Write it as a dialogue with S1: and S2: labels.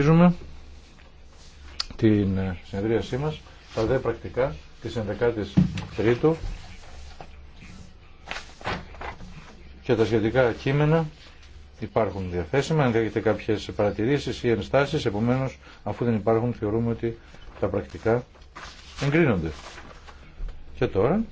S1: Συνεχίζουμε την ε,
S2: συνεδρίασή μας, τα δε πρακτικά της 11ης Τρίτου και τα σχετικά κείμενα υπάρχουν διαθέσιμα, αν έχετε κάποιες παρατηρήσεις ή ενστάσεις, επομένως αφού δεν υπάρχουν θεωρούμε ότι τα πρακτικά εγκρίνονται. Και τώρα